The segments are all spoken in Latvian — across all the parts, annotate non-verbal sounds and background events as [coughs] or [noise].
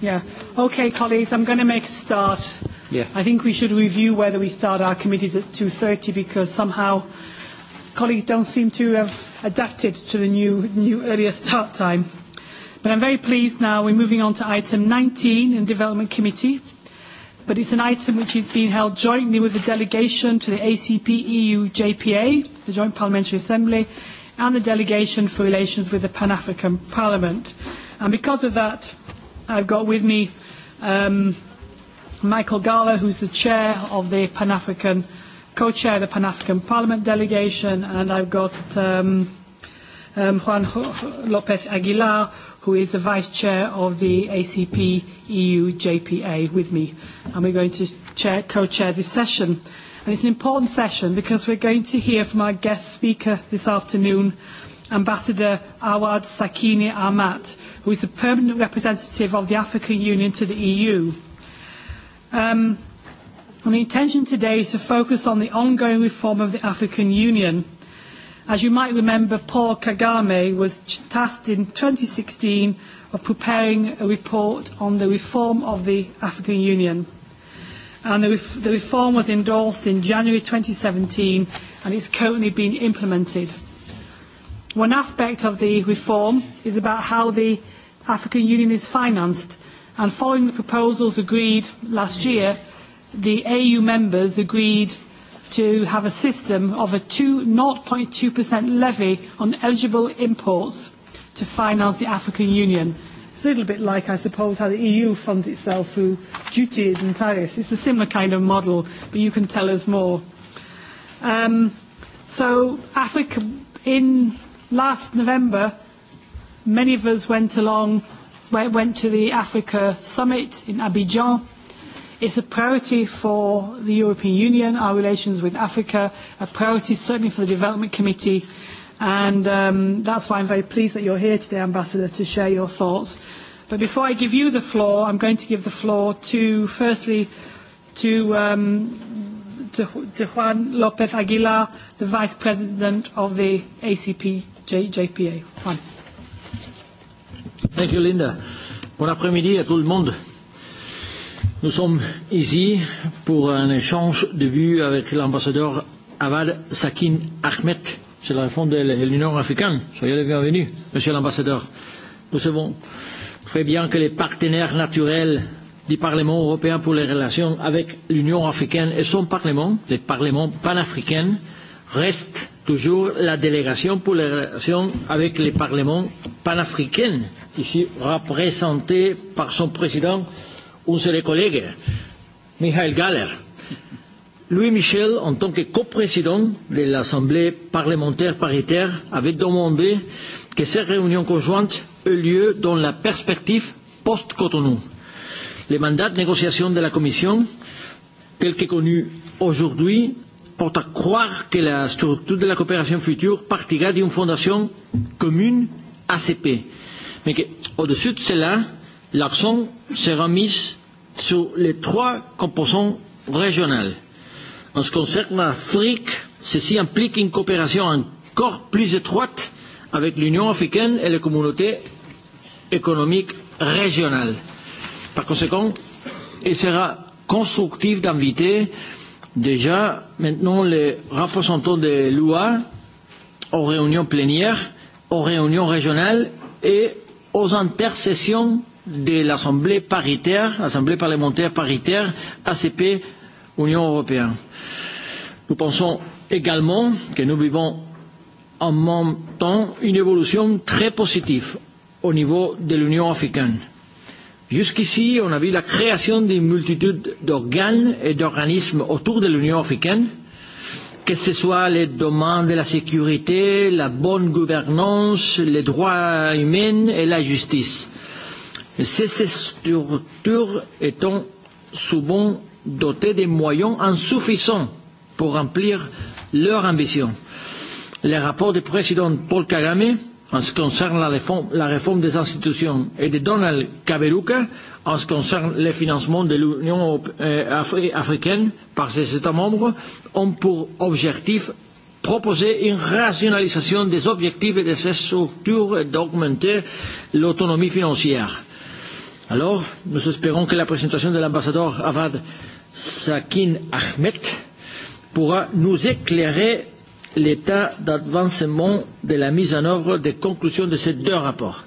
Yeah. Okay, colleagues, I'm going to make a start. Yeah. I think we should review whether we start our committees at 2.30 because somehow colleagues don't seem to have adapted to the new, new earlier start time. But I'm very pleased now we're moving on to item 19 in Development Committee. But it's an item which is being held jointly with the delegation to the ACP EU JPA, the Joint Parliamentary Assembly, and the delegation for relations with the Pan-African Parliament. And because of that, I've got with me um, Michael Gala, who's the chair of the Pan African, co chair of the Pan African Parliament delegation, and I've got um, um, Juan Lopez Aguilar, who is the vice chair of the ACP EU JPA, with me. And we're going to chair, co chair this session. And it's an important session because we're going to hear from our guest speaker this afternoon. Mm-hmm Ambassador Awad Sakine Ahmat, who is the permanent representative of the African Union to the EU. Um, and the intention today is to focus on the ongoing reform of the African Union. As you might remember, Paul Kagame was tasked in 2016 of preparing a report on the reform of the African Union. And the, ref- the reform was endorsed in January 2017 and it's currently being implemented. One aspect of the reform is about how the African Union is financed, and following the proposals agreed last year, the AU members agreed to have a system of a 0.2% levy on eligible imports to finance the African Union. It's a little bit like, I suppose, how the EU funds itself through duties and tariffs. It's a similar kind of model, but you can tell us more. Um, so Africa, in last November, many of us went along, went to the Africa Summit in Abidjan. It's a priority for the European Union, our relations with Africa, a priority certainly for the Development Committee, and um, that's why I'm very pleased that you're here today, Ambassador, to share your thoughts. But before I give you the floor, I'm going to give the floor to, firstly, to, um, to, to Juan López Aguilar, the Vice President of the ACP J, JPA. Juan. Thank you, Linda. Bon après-midi à tout le monde. Nous sommes ici pour un échange de vues avec l'ambassadeur Awad Sakin Ahmed. C'est la fond de l'Union africaine. Soyez les bienvenus, monsieur l'ambassadeur. Nous savons très bien que les partenaires naturels du Parlement européen pour les relations avec l'Union africaine et son Parlement, les parlements panafricains, restent toujours la délégation pour les relations avec les parlements panafricains, ici représentée par son président, un seul collègue, Michael Galler. Louis Michel, en tant que coprésident de l'Assemblée parlementaire paritaire, avait demandé que ces réunions conjointes aient lieu dans la perspective post-Cotonou. Le mandat de négociation de la Commission, tel que connu aujourd'hui, porte à croire que la structure de la coopération future partira d'une fondation commune ACP. Mais qu'au-dessus de cela, l'accent sera mis sur les trois composants régionales. En ce qui concerne l'Afrique, ceci implique une coopération encore plus étroite avec l'Union africaine et les communautés économiques régionales. Par conséquent, il sera constructif d'inviter euh, déjà maintenant les représentants de l'UA aux réunions plénières, aux réunions régionales et aux intercessions de l'Assemblée paritaire, Assemblée parlementaire paritaire ACP Union européenne. Nous pensons également que nous vivons en même temps une évolution très positive au niveau de l'Union africaine Jusqu'ici, on a vu la création d'une multitude d'organes et d'organismes autour de l'Union africaine, que ce soit les domaines de la sécurité, la bonne gouvernance, les droits humains et la justice. Ces structures étant souvent dotées de moyens insuffisants pour remplir leurs ambitions. Le rapport du président Paul Kagame en ce qui concerne la réforme, la réforme des institutions et de Donald Kaberuka en ce qui concerne le financement de l'Union euh, africaine par ses États membres ont pour objectif proposer une rationalisation des objectifs de ces structures et d'augmenter l'autonomie financière. Alors, nous espérons que la présentation de l'ambassadeur Avad Sakin Ahmed pourra nous éclairer l'état d'avancement de la mise en œuvre des conclusions de ces deux rapports.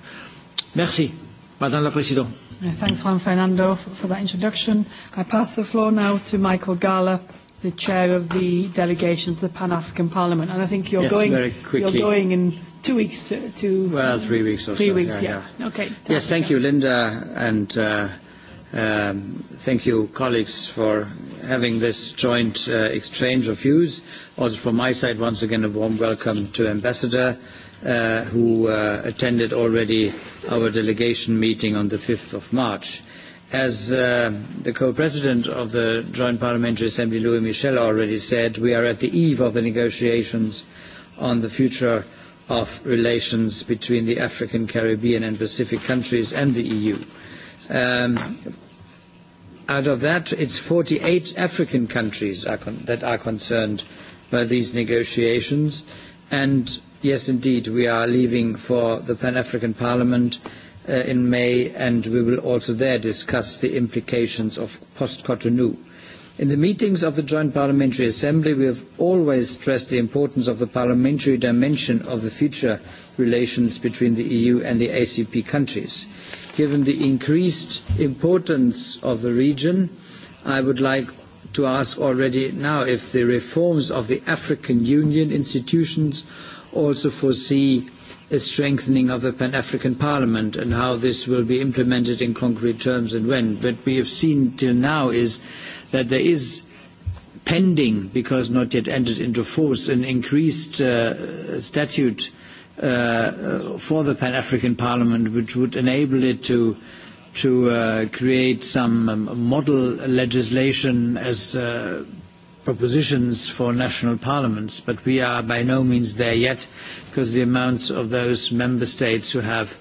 Merci, Madame la Présidente. Yeah, uh, thanks, Juan Fernando, for, for that introduction. I pass the floor now to Michael Gala, the chair of the delegation to the Pan-African Parliament. And I think you're yes, going very quickly. you're going in two weeks to, to well, three weeks or three so. Three weeks, yeah. yeah. yeah. Okay. Thank yes, you. thank you, Linda, and uh, Um, thank you, colleagues, for having this joint uh, exchange of views. Also from my side, once again, a warm welcome to Ambassador, uh, who uh, attended already our delegation meeting on the 5th of March. As uh, the co-president of the Joint Parliamentary Assembly, Louis Michel, already said, we are at the eve of the negotiations on the future of relations between the African, Caribbean and Pacific countries and the EU. Um, out of that, it's 48 African countries are con- that are concerned by these negotiations. And yes, indeed, we are leaving for the Pan-African Parliament uh, in May, and we will also there discuss the implications of post-Cotonou. In the meetings of the Joint Parliamentary Assembly, we have always stressed the importance of the parliamentary dimension of the future relations between the EU and the ACP countries. Given the increased importance of the region, I would like to ask already now if the reforms of the African Union institutions also foresee a strengthening of the Pan-African Parliament and how this will be implemented in concrete terms and when. What we have seen till now is that there is pending, because not yet entered into force, an increased uh, statute uh, for the Pan-African Parliament, which would enable it to to uh, create some um, model legislation as uh, propositions for national parliaments, but we are by no means there yet because the amounts of those member states who have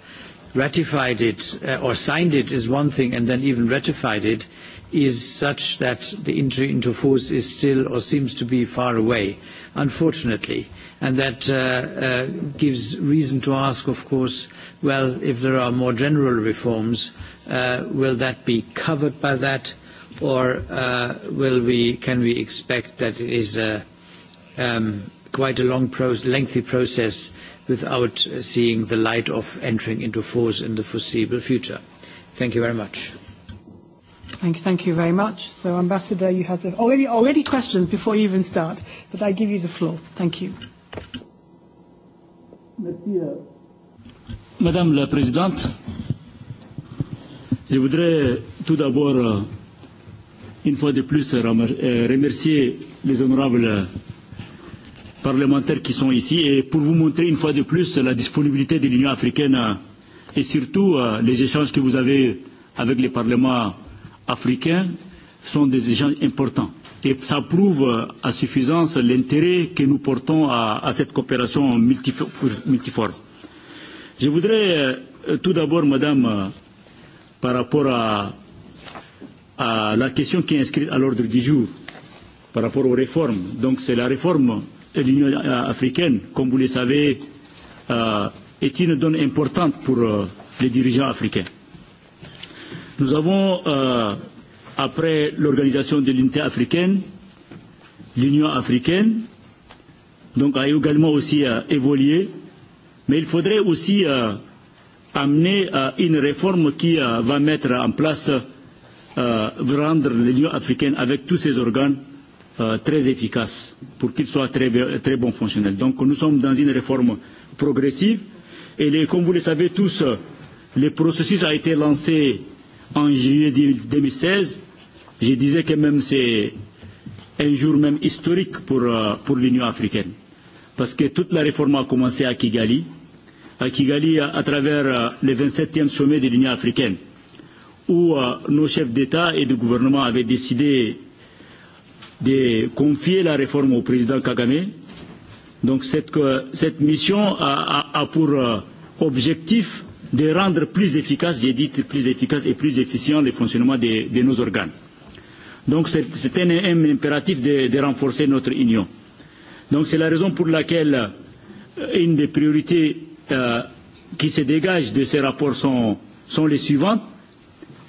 ratified it uh, or signed it is one thing and then even ratified it is such that the entry into force is still or seems to be far away unfortunately. And that uh, uh, gives reason to ask, of course, well, if there are more general reforms, uh, will that be covered by that? Or uh, will we, can we expect that it is a, um, quite a long proce lengthy process without seeing the light of entering into force in the foreseeable future? Thank you very much. Thank, thank you very much. So, Ambassador, you have the, already, already questions before you even start, but I give you the floor. Thank you. Merci. Madame la Présidente, je voudrais tout d'abord, euh, une fois de plus, euh, remercier les honorables parlementaires qui sont ici et pour vous montrer une fois de plus la disponibilité de l'Union africaine euh, et surtout les échanges que vous avez avec les parlements africains sont des échanges importants. Et ça prouve à suffisance l'intérêt que nous portons à, à cette coopération multiforme. Je voudrais euh, tout d'abord, Madame, euh, par rapport à, à la question qui est inscrite à l'ordre du jour, par rapport aux réformes. Donc c'est la réforme de l'Union euh, africaine, comme vous le savez, euh, est une donne importante pour euh, les dirigeants africains. Nous avons, euh, après l'organisation de l'unité africaine, l'Union africaine, donc a également aussi euh, évolué, mais il faudrait aussi euh, amener euh, une réforme qui euh, va mettre en place, euh, rendre l'Union africaine avec tous ses organes euh, très efficace pour qu'il soit très, très bon fonctionnel. Donc nous sommes dans une réforme progressive et les, comme vous le savez tous, euh, le processus a été lancé euh, en juillet 2016, je disais que même c'est un jour même historique pour, euh, pour l'Union africaine. Parce que toute la réforme a commencé à Kigali, à Kigali à, à travers euh, le 27e sommet de l'Union africaine, où euh, nos chefs d'État et de gouvernement avaient décidé de confier la réforme au président Kagame. Donc cette, euh, cette mission a, a, a pour objectif de rendre plus efficace, j'ai dit plus efficace et plus efficient le fonctionnement de, de nos organes. Donc c'est un, un impératif de, de renforcer notre union. Donc c'est la raison pour laquelle euh, une des priorités euh, qui se dégagent de ces rapports sont, sont les suivantes.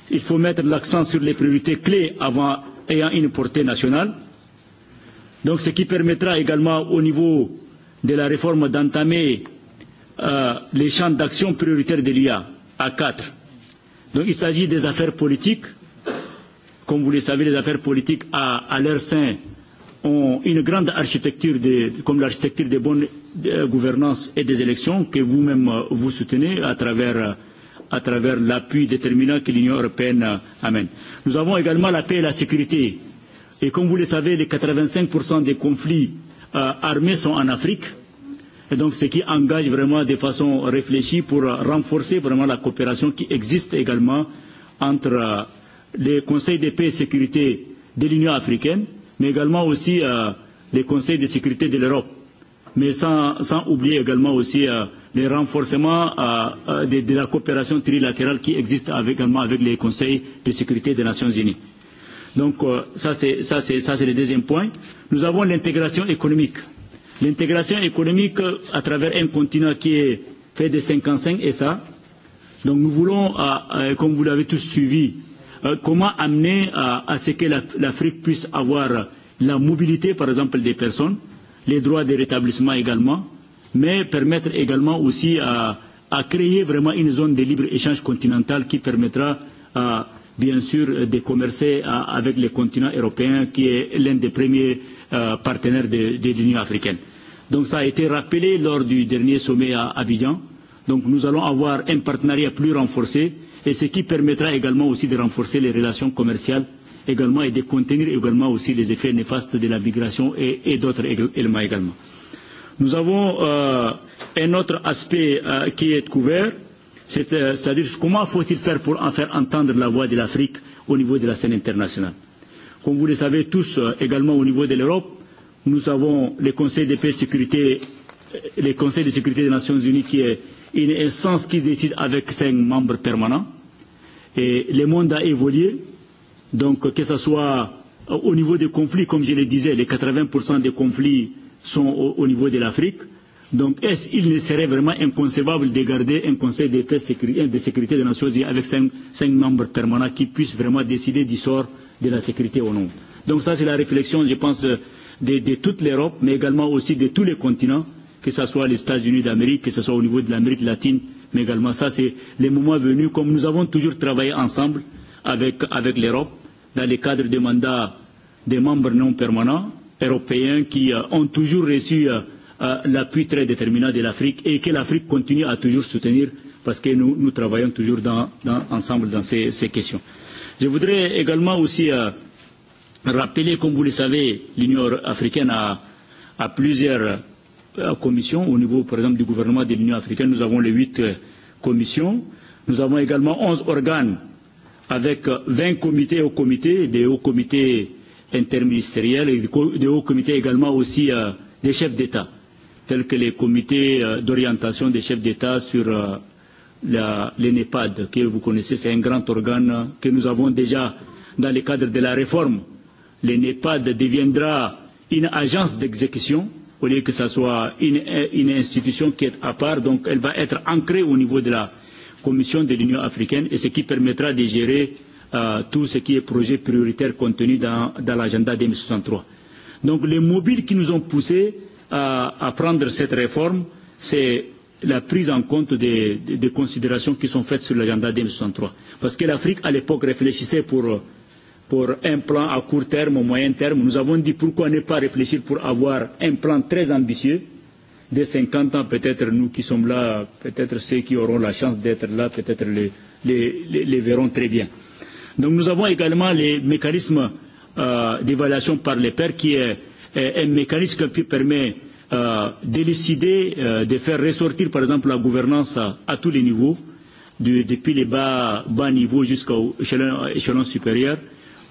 Il faut mettre l'accent sur les priorités clés avant ayant une portée nationale. Donc ce qui permettra également au niveau de la réforme d'entamer euh, euh, les champs d'action prioritaires de l'IA à quatre. Donc il s'agit des affaires politiques. Comme vous le savez, les affaires politiques à, à leur sein ont une grande architecture de, comme l'architecture de bonne euh, de gouvernance et des élections que vous-même euh, vous soutenez à travers, euh, à travers l'appui déterminant que l'Union européenne amène. Nous avons également la paix et la sécurité. Et comme vous le savez, les 85% des conflits euh, armés sont en Afrique. Euh, Et donc, ce qui engage vraiment de façon réfléchie pour renforcer vraiment la coopération qui existe également entre euh, les conseils de paix et sécurité de l'Union africaine, mais également aussi euh, les conseils de sécurité de l'Europe. Mais sans, sans oublier également aussi euh, les renforcements euh, euh de, de la coopération trilatérale qui existe avec, également avec les conseils de sécurité des Nations Unies. Donc euh, ça c'est le deuxième point. Nous avons l'intégration économique. Euh, L'intégration économique à travers un continent qui est fait de 55 et ça. Donc nous voulons, euh, comme vous l'avez tous suivi, euh, comment amener à, à ce que l'Afrique puisse avoir la mobilité, par exemple, des personnes, les droits de rétablissement également, mais permettre également aussi à, à créer vraiment une zone de libre-échange continental qui permettra, à, bien sûr, de commercer à, avec les continents européens, qui est l'un des premiers euh, euh, partenaires de, de l'Union africaine. Donc ça a été rappelé lors du dernier sommet à Abidjan. Donc nous allons avoir un partenariat plus renforcé et ce qui permettra également aussi de renforcer les relations commerciales également et de contenir également aussi les effets néfastes de la migration et, et d'autres éléments également. Nous avons euh, un autre aspect euh, qui est couvert, euh, c'est-à-dire euh, comment faut-il faire pour en faire entendre la voix de l'Afrique au niveau de la scène internationale. Comme vous le savez tous, euh, également au niveau de l'Europe, nous avons le Conseil de paix et sécurité, euh, le Conseil de sécurité des Nations Unies qui est une instance qui décide avec cinq membres permanents. Et le monde a évolué, donc que ce soit euh, au niveau des conflits, comme je le disais, les 80% des conflits sont au, au niveau de l'Afrique. Donc, est-ce qu'il ne serait vraiment inconcevable de garder un Conseil de paix sécurité, de sécurité des Nations Unies avec cinq, cinq membres permanents qui puissent vraiment décider du sort euh, de la sécurité ou non. Donc ça, c'est la réflexion, je pense, de, de toute l'Europe, mais également aussi de tous les continents, que ce soit les États-Unis d'Amérique, que ce soit au niveau de l'Amérique latine, mais également ça, c'est le moment venu, comme nous avons toujours travaillé ensemble avec, avec l'Europe, dans le cadre des mandats des membres non permanents européens qui euh, ont toujours reçu euh, euh, l'appui très déterminant de l'Afrique et que l'Afrique continue à toujours soutenir parce que nous, nous travaillons toujours dans, dans, ensemble dans ces, ces questions. Je voudrais également aussi euh, rappeler, comme vous le savez, l'Union africaine a, a plusieurs euh, commissions. Au niveau, par exemple, du gouvernement de l'Union africaine, nous avons les huit euh, commissions. Nous avons également onze organes avec euh, 20 comités hauts comités, des hauts comités interministériels et des hauts comités également aussi euh, des chefs d'État, tels que les comités euh, d'orientation des chefs d'État sur euh, l'ENEPAD, que vous connaissez, c'est un grand organe que nous avons déjà dans le cadre de la réforme. L'ENEPAD deviendra une agence d'exécution au lieu que ce soit une, une institution qui est à part, donc elle va être ancrée au niveau de la Commission de l'Union africaine et ce qui permettra de gérer euh, tout ce qui est projet prioritaire contenu dans, dans l'agenda 2063. Donc les mobiles qui nous ont poussés à, à prendre cette réforme, c'est la prise en compte des, des, des considérations qui sont faites sur l'agenda 2063. Parce que l'Afrique, à l'époque, réfléchissait pour, pour un plan à court terme, au moyen terme. Nous avons dit pourquoi ne pas réfléchir pour avoir un plan très ambitieux de 50 ans, peut-être nous qui sommes là, peut-être ceux qui auront la chance d'être là, peut-être les, les, les, les verront très bien. Donc nous avons également les mécanismes euh, d'évaluation par les pairs qui est, est un mécanisme qui permet euh, euh, d'élucider, euh, de faire ressortir par exemple la gouvernance à, à tous les niveaux, de, depuis les bas, bas niveaux jusqu'au échelon, échelon supérieur,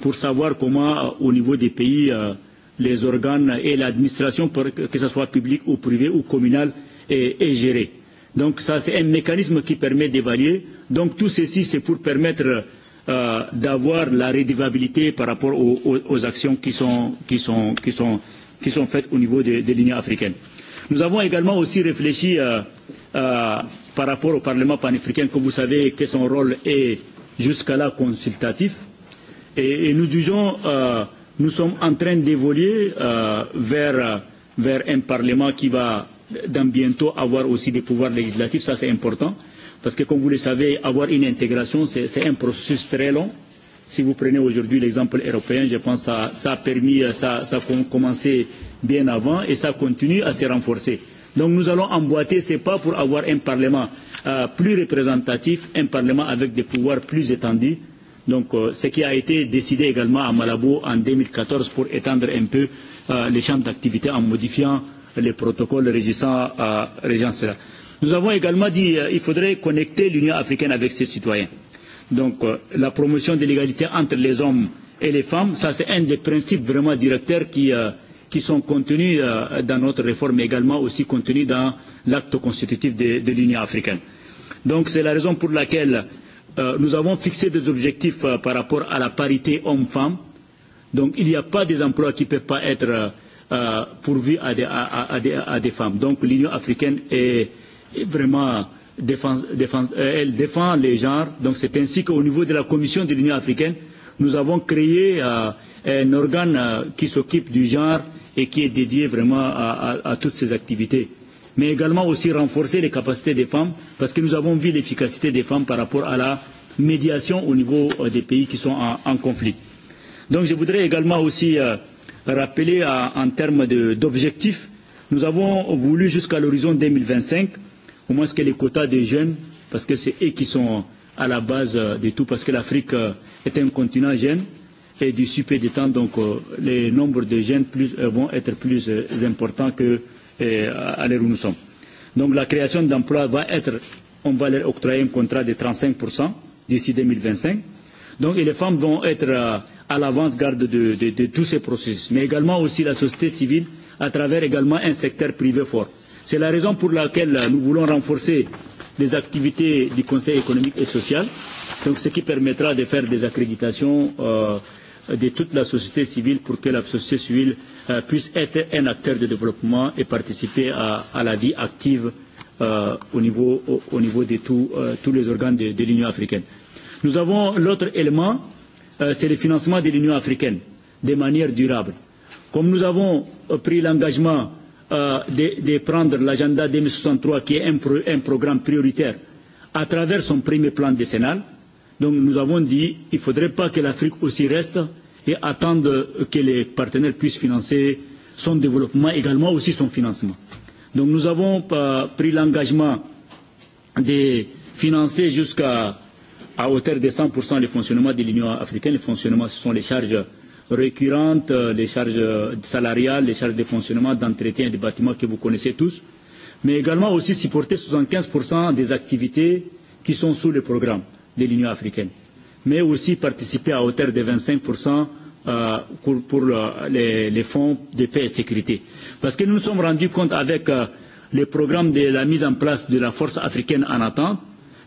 pour savoir comment euh, au niveau des pays euh, les organes et l'administration, que ce soit public ou privé ou communal, est, est gérée. Donc ça, c'est un mécanisme qui permet d'évaluer. Donc tout ceci, c'est pour permettre euh, d'avoir la rédivabilité par rapport aux, aux, aux actions qui sont, qui sont, qui sont, qui sont qui sont faites au niveau des, des lignes africaines. Nous avons également aussi réfléchi euh, euh, par rapport au Parlement panafricain, que vous savez que son rôle est jusqu'à là consultatif. Et, et nous disons, euh, nous sommes en train d'évoluer euh, vers, vers un Parlement qui va dans bientôt avoir aussi des pouvoirs législatifs, ça c'est important, parce que comme vous le savez, avoir une intégration, c'est un processus très long. Euh, Si vous prenez aujourd'hui l'exemple européen, je pense que ça, ça a permis, ça, ça a commencé bien avant et ça continue à se renforcer. Donc nous allons emboîter ces pas pour avoir un Parlement euh, plus représentatif, un Parlement avec des pouvoirs plus étendus. Donc euh, ce qui a été décidé également à Malabo en 2014 pour étendre un peu euh, les champs d'activité en modifiant les protocoles régissant, euh, régissant cela. Nous avons également dit qu'il euh, faudrait connecter l'Union africaine avec ses citoyens. Euh, Donc euh, la promotion de l'égalité entre les hommes et les femmes, ça c'est un des principes vraiment directeurs qui, euh, qui sont contenus euh, dans notre réforme, mais également aussi contenus dans l'acte constitutif de, de l'Union africaine. Donc c'est la raison pour laquelle euh, nous avons fixé des objectifs euh, par rapport à la parité hommes-femmes. Donc il n'y a pas des emplois qui ne peuvent pas être euh, euh, pourvus à des, à, à, à, des, à des femmes. Donc l'Union africaine est, est vraiment défend, défend, euh, elle défend les genres. Donc c'est ainsi qu'au niveau de la Commission de l'Union africaine, nous avons créé euh, un organe euh, qui s'occupe du genre et qui est dédié vraiment à, à, à toutes ces activités. Mais également aussi renforcer les capacités des femmes, parce que nous avons vu l'efficacité des femmes par rapport à la médiation au niveau euh, des pays qui sont en, en conflit. Donc je voudrais également aussi euh, rappeler à, euh, en termes d'objectifs, nous avons voulu jusqu'à l'horizon 2025 au moins que les quotas des jeunes, parce que c'est eux qui sont à la base euh, de tout, parce que l'Afrique euh, est un continent jeune, et du super du temps, donc euh, les nombres de jeunes plus, euh, vont être plus euh, importants que euh, à l'heure où nous sommes. Donc la création d'emplois va être, on va leur octroyer un contrat de 35% d'ici 2025. Donc et les femmes vont être euh, à l'avance-garde de, de, de, de tous ces processus, mais également aussi la société civile à travers également un secteur privé fort. C'est la raison pour laquelle euh, nous voulons renforcer les activités du Conseil économique et social, donc ce qui permettra de faire des accréditations euh, de toute la société civile pour que la société civile euh, puisse être un acteur de développement et participer à, à la vie active euh, au, niveau, au, au niveau de tout, euh, tous les organes de, de l'Union africaine. Nous avons l'autre élément, euh, c'est le financement de l'Union africaine de manière durable. Comme nous avons euh, pris l'engagement euh, euh, de, de prendre l'agenda 2063 qui est un, pro, un programme prioritaire à travers son premier plan décennal. Donc nous avons dit qu'il ne faudrait pas que l'Afrique aussi reste et attendre que les partenaires puissent financer son développement, également aussi son financement. Donc nous avons euh, pris l'engagement de financer jusqu'à à hauteur de 100% le fonctionnement de l'Union africaine. Le fonctionnement, ce sont les charges récurrentes, euh, les charges euh, salariales, les charges de fonctionnement, d'entretien des bâtiments que vous connaissez tous, mais également aussi supporter 75% des activités qui sont sous le programme de l'Union africaine, mais aussi participer à hauteur de 25% euh, pour, pour le, les, les fonds de paix et sécurité. Parce que nous nous sommes rendus compte avec euh, le programme de la mise en place de la force africaine en attente,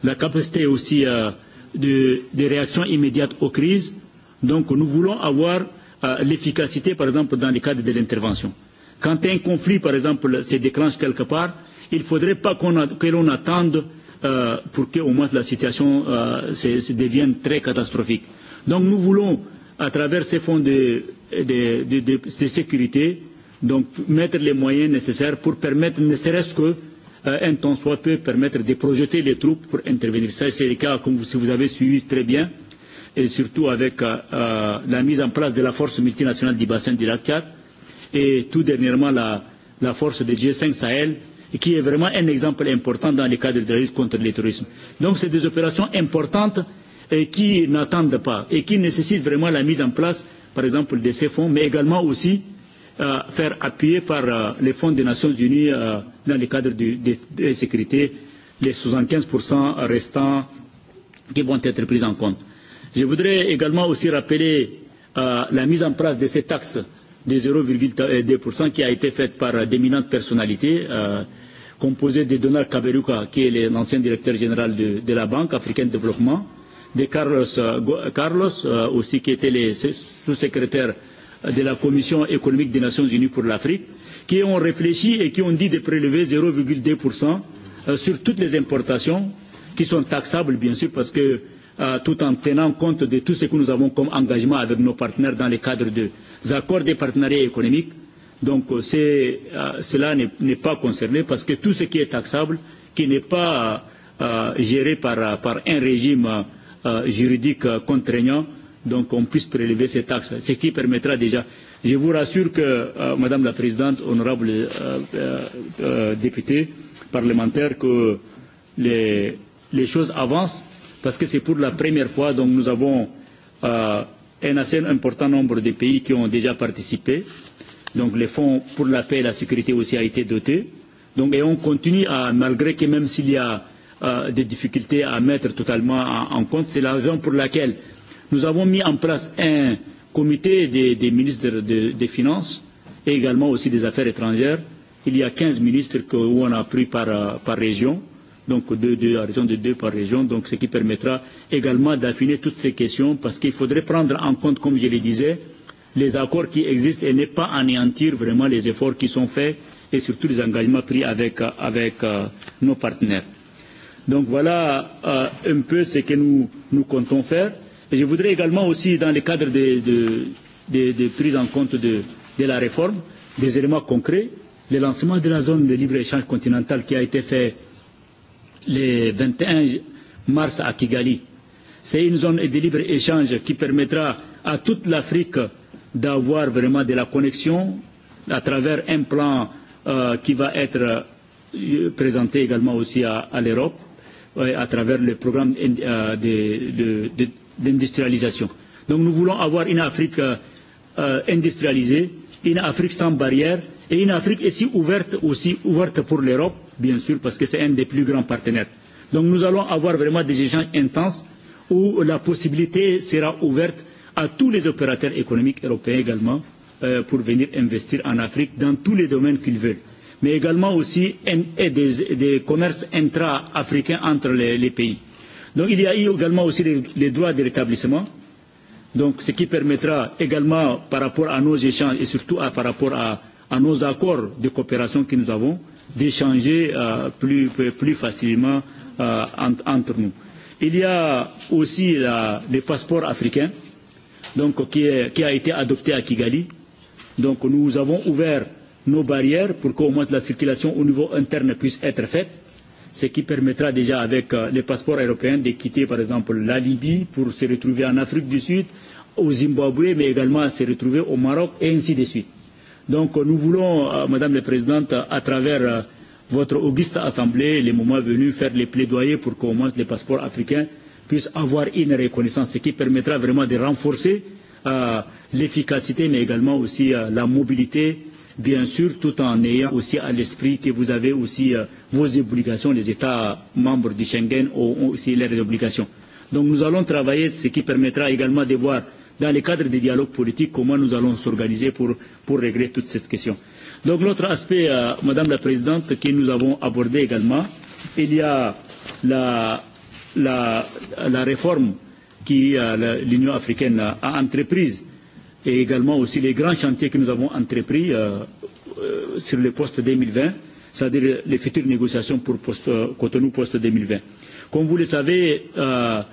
la capacité aussi euh, de, de réaction immédiate aux crises, Donc nous voulons avoir euh, l'efficacité, par exemple, dans le cadre de l'intervention. Quand un conflit, par exemple, se déclenche quelque part, il ne faudrait pas qu'on qu, a, qu attende euh, pour qu'au moins la situation euh, se, se devienne très catastrophique. Donc nous voulons, à travers ces fonds de, de, de, de, de sécurité, donc mettre les moyens nécessaires pour permettre, ne serait-ce que euh, un temps soit peu, permettre de projeter les troupes pour intervenir. Ça, c'est le cas, comme vous, si vous avez suivi très bien. Euh, et surtout avec euh, euh, la mise en place de la force multinationale du bassin du lac Tchad et tout dernièrement la, la force des G5 Sahel qui est vraiment un exemple important dans le cadre de la lutte contre le terrorisme. Donc c'est des opérations importantes et qui n'attendent pas et qui nécessitent vraiment la mise en place, par exemple, de ces fonds, mais également aussi euh, faire appuyer par euh, les fonds des Nations Unies euh, dans le cadre de, de, de sécurité les 75% restants qui vont être pris en compte. Je voudrais également aussi rappeler euh, la mise en place de ces taxes de 0,2% euh, qui a été faite par d'éminentes personnalités, euh, composées de Donald Kaberuka, qui est l'ancien directeur général de, de la Banque africaine de développement, de Carlos, euh, Carlos euh, aussi qui était le sous-secrétaire euh, de la Commission économique des Nations Unies pour l'Afrique, qui ont réfléchi et qui ont dit de prélever 0,2% euh, sur toutes les importations qui sont taxables, bien sûr, parce que euh, euh, tout en tenant compte de tout ce que nous avons comme engagement avec nos partenaires dans le cadre des accords de partenariat économique. Donc euh, c'est, euh, cela n'est pas concerné parce que tout ce qui est taxable, qui n'est pas euh, géré par, par un régime euh, juridique euh, contraignant, donc on puisse prélever ces taxes, ce qui permettra déjà. Je vous rassure que, euh, Madame la Présidente, honorable euh, euh, euh, députée parlementaire, que les, les choses avancent parce que c'est pour la première fois donc nous avons euh, un assez important nombre de pays qui ont déjà participé. Donc les fonds pour la paix et la sécurité aussi a été doté. Donc et on continue à malgré que même s'il y a euh, des difficultés à mettre totalement en, en compte, c'est la raison pour laquelle nous avons mis en place un comité des, des ministres de, des finances et également aussi des affaires étrangères. Il y a 15 ministres que, où on a pris par, euh, par région donc de, de, à raison de deux par région, donc ce qui permettra également d'affiner toutes ces questions, parce qu'il faudrait prendre en compte, comme je le disais, les accords qui existent et ne pas anéantir vraiment les efforts qui sont faits et surtout les engagements pris avec, avec euh, nos partenaires. Donc voilà euh, un peu ce que nous, nous comptons faire. Et je voudrais également aussi, dans le cadre de, de, de, de prise en compte de, de la réforme, des éléments concrets, le lancement de la zone de libre-échange continentale qui a été fait euh, le 21 mars à Kigali. C'est une zone de libre-échange qui permettra à toute l'Afrique d'avoir vraiment de la connexion à travers un plan euh, qui va être euh, présenté également aussi à, à l'Europe ouais, à travers le programme d'industrialisation. Euh, de, de, de, Donc nous voulons avoir une Afrique euh, industrialisée, une Afrique sans barrières et une Afrique aussi ouverte, aussi ouverte pour l'Europe bien sûr, parce que c'est un des plus grands partenaires. Donc nous allons avoir vraiment des échanges intenses où la possibilité sera ouverte à tous les opérateurs économiques européens également euh, pour venir investir en Afrique dans tous les domaines qu'ils veulent. Mais également aussi en, et des, des commerces intra-africains entre les, les pays. Donc il y a eu également aussi les, les droits de rétablissement. Donc ce qui permettra également par rapport à nos échanges et surtout à, par rapport à, à nos accords de coopération que nous avons, d'échanger euh, plus, plus facilement euh, entre, entre nous. Il y a aussi la, le passeport africain donc, qui, est, qui a été adopté à Kigali. Donc nous avons ouvert nos barrières pour qu'au moins la circulation au niveau interne puisse être faite, ce qui permettra déjà avec euh, les passeports européens de quitter par exemple la Libye pour se retrouver en Afrique du Sud, au Zimbabwe, mais également se retrouver au Maroc et ainsi de suite. Donc nous voulons, euh, Madame la Présidente, à travers euh, votre auguste assemblée, les moments venus, faire les plaidoyers pour qu'au moins les passeports africains puissent avoir une reconnaissance, ce qui permettra vraiment de renforcer euh, l'efficacité, mais également aussi euh, la mobilité, bien sûr, tout en ayant aussi à l'esprit que vous avez aussi euh, vos obligations, les États membres du Schengen ont, ont aussi leurs obligations. Donc nous allons travailler, ce qui permettra également de voir, dans le cadre des dialogues politiques, comment nous allons s'organiser pour pour régler toute cette question. Donc l'autre aspect, euh, Madame la Présidente, que nous avons abordé également, il y a la, la, la réforme que euh, l'Union africaine a, a entreprise et également aussi les grands chantiers que nous avons entrepris euh, euh, sur le poste 2020, c'est-à-dire les futures négociations pour poste, euh, Cotonou poste 2020. Comme vous le savez, euh,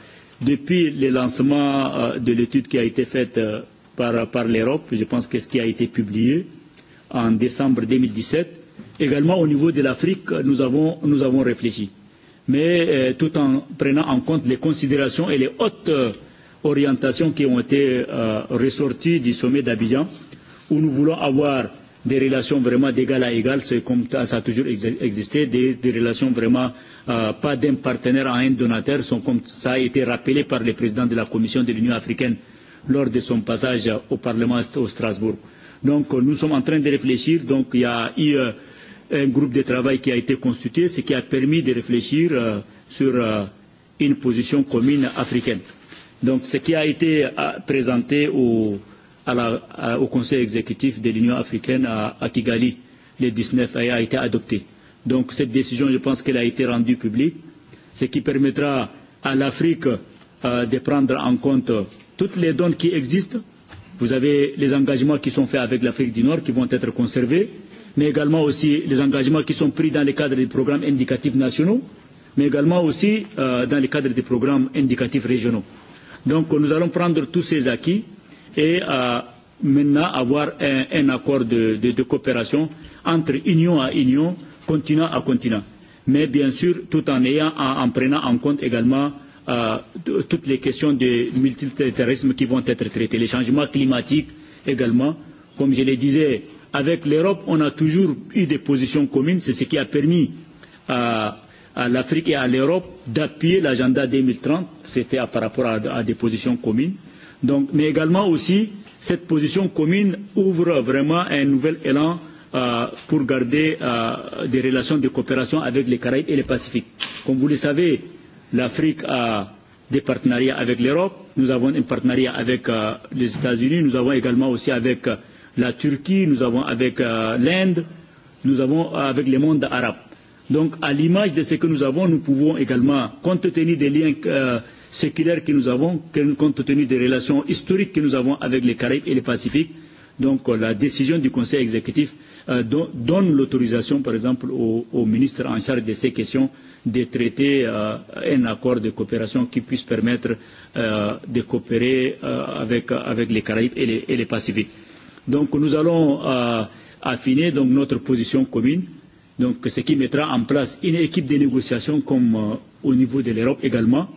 depuis le lancement euh, de l'étude qui a été faite euh, par, par l'Europe, je pense que ce qui a été publié en décembre 2017. Également au niveau de l'Afrique, nous avons, nous avons réfléchi. Mais euh, tout en prenant en compte les considérations et les hautes euh, orientations qui ont été euh, ressorties du sommet d'Abidjan, où nous voulons avoir des relations vraiment d'égal à égal, c'est comme ça a toujours ex existé, des, des relations vraiment euh, pas d'un partenaire à un donateur, sont comme ça a été rappelé par le président de la Commission de l'Union africaine euh, lors de son passage au Parlement au Strasbourg. Donc euh, nous sommes en train de réfléchir, donc il y a eu euh, un groupe de travail qui a été constitué, ce qui a permis de réfléchir euh, sur euh, une position commune africaine. Donc ce qui a été à, euh, présenté au, à la, à, au Conseil exécutif de l'Union africaine à, à Kigali le 19 a, a été adopté. Donc cette décision, je pense qu'elle a été rendue publique, ce qui permettra à l'Afrique euh, de prendre en compte toutes les donnes qui existent. Vous avez les engagements qui sont faits avec l'Afrique du Nord qui vont être conservés, mais également aussi les engagements qui sont pris dans le cadre des programmes indicatifs nationaux, mais également aussi euh, dans le cadre des programmes indicatifs régionaux. Donc nous allons prendre tous ces acquis et euh, maintenant avoir un, un accord de, de, de coopération entre union à union, continent à continent. Mais bien sûr, tout en, ayant, en, en prenant en compte également euh, euh, toutes les questions de multilatéralisme qui vont être traitées, les changements climatiques également. Comme je le disais, avec l'Europe, on a toujours eu des positions communes. C'est ce qui a permis à, à l'Afrique et à l'Europe d'appuyer l'agenda 2030. C'était par rapport à, à des positions communes. Donc, mais également aussi, cette position commune ouvre vraiment un nouvel élan euh, pour garder euh, des relations de coopération avec les Caraïbes et le Pacifique. Comme vous le savez, euh, l'Afrique a des partenariats avec l'Europe, nous avons un partenariat avec euh, les États-Unis, nous avons également aussi avec euh, la Turquie, nous avons avec euh, l'Inde, nous avons euh, avec le monde arabe. Donc, à l'image de ce que nous avons, nous pouvons également, compte tenu des liens euh, séculaires que nous avons, compte tenu des relations historiques que nous avons avec les Caraïbes et le Pacifique, donc euh, la décision du Conseil exécutif euh, don, donne l'autorisation, par exemple, au, au ministre en charge de ces questions euh, de traiter euh, un accord de coopération qui puisse permettre euh, de coopérer euh, avec, avec les Caraïbes et les, et les Pacifiques. Donc nous allons euh, affiner donc, notre position commune, donc, ce qui mettra en place une équipe de négociation comme euh, au niveau de l'Europe également.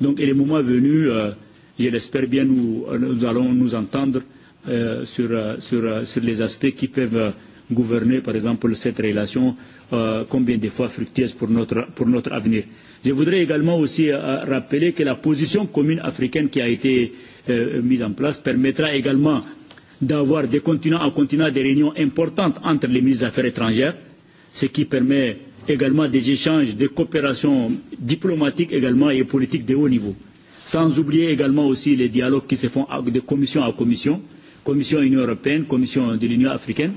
Donc et le moment venu, euh, je l'espère bien, nous, nous allons nous entendre euh, sur, euh, sur, euh, sur les aspects qui peuvent euh, gouverner par exemple cette relation euh, euh, combien de fois fructueuse pour notre, pour notre avenir. Je voudrais également aussi euh, rappeler que la position commune africaine qui a été euh, mise en place permettra également d'avoir de continent à continent des réunions importantes entre les ministres des Affaires étrangères, ce qui permet également des échanges de coopération diplomatique également et politique de haut niveau. Sans oublier également aussi les dialogues qui se font de commission à commission, commission Union européenne, commission de l'Union africaine,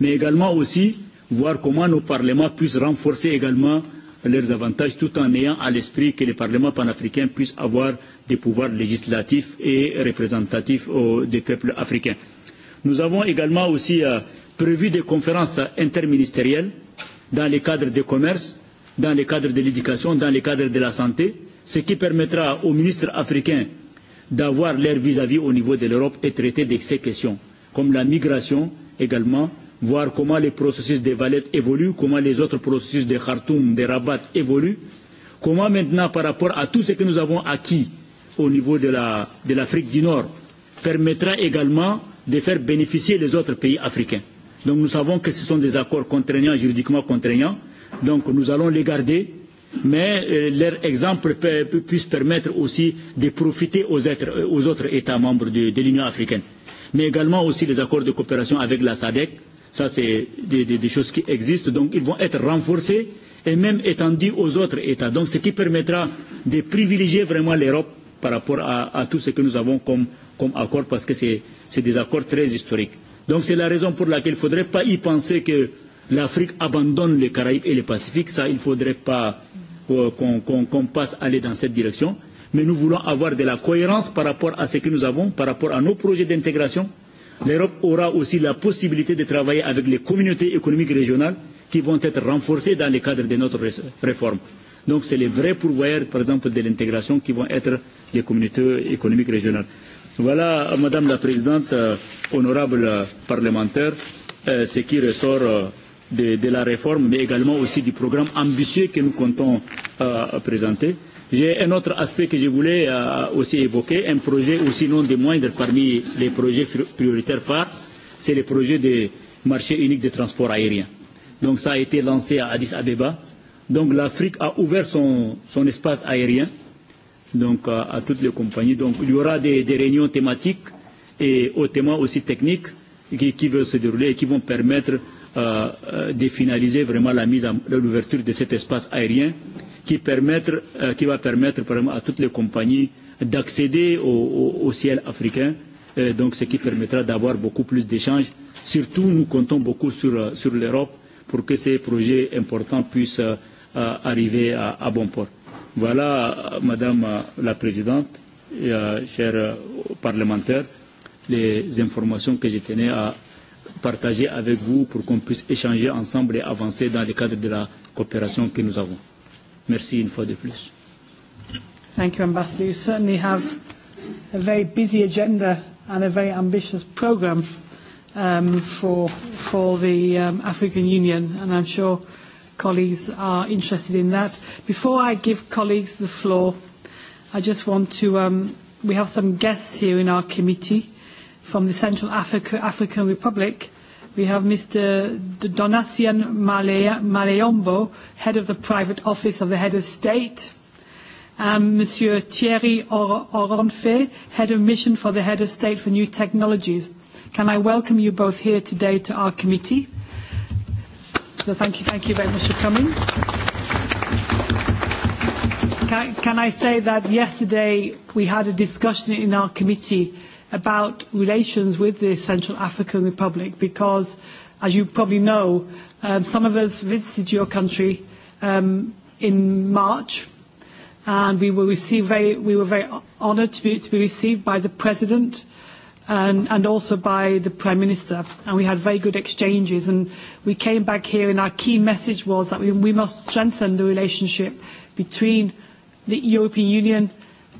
mais également aussi voir comment nos parlements puissent renforcer également leurs avantages tout en ayant à l'esprit que les parlements panafricains puissent avoir des pouvoirs législatifs et représentatifs au, des peuples africains. Nous avons également aussi euh, prévu des conférences interministérielles dans le cadre du commerce, dans le cadre de l'éducation, dans le cadre de la santé, ce qui permettra aux ministres africains d'avoir leur vis-à-vis -vis au niveau de l'Europe et traiter de ces questions, comme la migration également, voir comment les processus des Vallettes évoluent, comment les autres processus des Khartoum, des Rabat évoluent, comment maintenant par rapport à tout ce que nous avons acquis au niveau de l'Afrique la, de du Nord, permettra également de faire bénéficier les autres pays africains. Donc nous savons que ce sont des accords contraignants, juridiquement contraignants, donc nous allons les garder, mais euh, leur exemple puisse permettre aussi de profiter aux, êtres, aux autres États membres de, de l'Union africaine. Mais également aussi les accords de coopération avec la SADEC, Ça, c'est des, des, des choses qui existent, donc ils vont être renforcés et même étendus aux autres États. Donc, ce qui permettra de privilégier vraiment l'Europe par rapport à, à tout ce que nous avons comme, comme accord, parce que c'est des accords très historiques. Donc, c'est la raison pour laquelle il ne faudrait pas y penser que l'Afrique abandonne les Caraïbes et le Pacifique. Ça, il ne faudrait pas euh, qu'on qu qu passe aller dans cette direction. Mais nous voulons avoir de la cohérence par rapport à ce que nous avons, par rapport à nos projets d'intégration, L'Europe aura aussi la possibilité de travailler avec les communautés économiques régionales qui vont être renforcées dans le cadre de notre réforme. Donc c'est les vrais pourvoyeurs, par exemple, de l'intégration qui vont être les communautés économiques régionales. Voilà, Madame la Présidente, euh, honorable euh, parlementaire, euh, ce qui ressort euh, de, de la réforme, mais également aussi du programme ambitieux que nous comptons euh, présenter. Euh, J'ai un autre aspect que je voulais euh, aussi évoquer, un projet aussi non des moindres parmi les projets prioritaires phares, c'est le projet de marché unique des transports aériens. Donc ça a été lancé à Addis Abeba. Donc l'Afrique a ouvert son, son espace aérien donc, à, à toutes les compagnies. Donc il y aura des, des réunions thématiques et hautement aussi techniques qui, qui veulent se dérouler et qui vont permettre Euh, euh, de finaliser vraiment la mise en l'ouverture de cet espace aérien qui, permettre, euh, qui va permettre vraiment à toutes les compagnies d'accéder au, au, au ciel africain, euh, donc ce qui permettra d'avoir beaucoup plus d'échanges. Surtout, nous comptons beaucoup sur, euh, sur l'Europe pour que ces projets importants puissent euh, euh arriver à, à bon port. Voilà, Madame la Présidente, et, euh, chers euh, parlementaires, les informations que je tenais à partager avec vous pour qu'on puisse échanger ensemble et avancer dans le cadre de la coopération que nous avons. Merci une fois de plus. Thank you, Ambassador. You certainly have a very busy agenda and a very ambitious programme um, for, for the um, African Union, and I'm sure colleagues are interested in that. Before I give colleagues the floor, I just want to, um, we have some guests here in our committee From the Central Africa, African Republic, we have Mr. Donatien Maleombo, head of the private office of the head of state. Um, Monsieur Thierry Or Oronfe, head of mission for the head of state for new technologies. Can I welcome you both here today to our committee? So thank you, thank you very much for coming. Can, can I say that yesterday we had a discussion in our committee about relations with the Central African Republic because, as you probably know, um, some of us visited your country um, in March and we were, received very, we were very honoured to be, to be received by the President and, and also by the Prime Minister. And we had very good exchanges. And we came back here and our key message was that we, we must strengthen the relationship between the European Union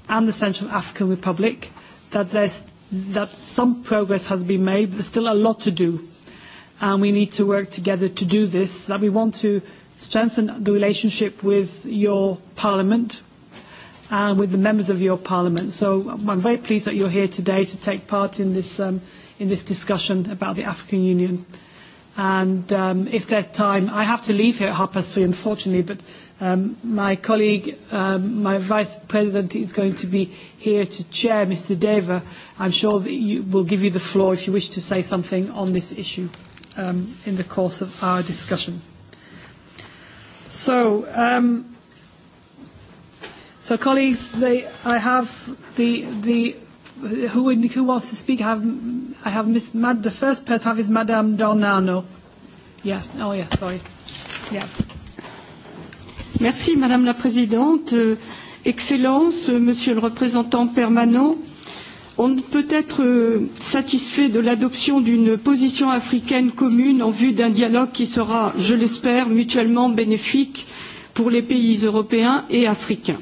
and the Central African Republic, that there's that some progress has been made, but there's still a lot to do. And we need to work together to do this, that we want to strengthen the relationship with your parliament and with the members of your parliament. So I'm very pleased that you're here today to take part in this, um, in this discussion about the African Union. And um, if there's time, I have to leave here at half past three, unfortunately, but Um, my colleague, um, my vice president is going to be here to chair Mr. Deva. I'm sure that you will give you the floor if you wish to say something on this issue um, in the course of our discussion. So, um, so colleagues, they, I have the, the who, would, who wants to speak? I have, I have Miss Mad. The first person I have is Madame Dornano. Yeah. Oh, yeah. Sorry. Yeah. Merci Madame la Présidente. Euh, Excellences, euh, Monsieur le représentant permanent, on ne peut être euh, satisfait de l'adoption d'une position africaine commune en vue d'un dialogue qui sera, je l'espère, mutuellement bénéfique pour les pays européens et africains.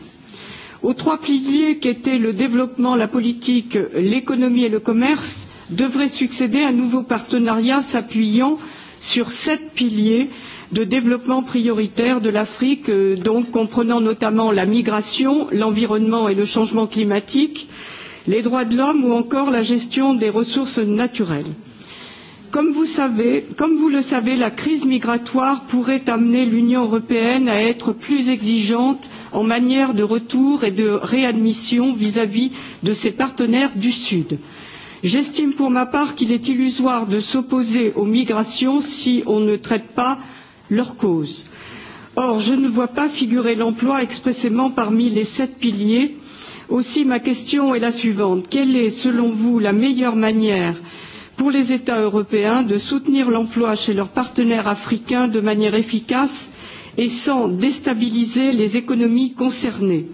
Aux trois piliers qu'étaient le développement, la politique, l'économie et le commerce, devrait succéder un nouveau partenariat s'appuyant sur sept piliers de développement prioritaire de l'Afrique, euh, donc comprenant notamment la migration, l'environnement et le changement climatique, les droits de l'homme ou encore la gestion des ressources naturelles. Comme vous, savez, comme vous le savez, la crise migratoire pourrait amener l'Union européenne à être plus exigeante en manière de retour et de réadmission vis-à-vis -vis de ses partenaires du Sud. J'estime pour ma part qu'il est illusoire de s'opposer aux migrations si on ne traite pas leur cause. Or, je ne vois pas figurer l'emploi expressément parmi les sept piliers. Aussi, ma question est la suivante. Quelle est, selon vous, la meilleure manière pour les États européens de soutenir l'emploi chez leurs partenaires africains de manière efficace et sans déstabiliser les économies concernées.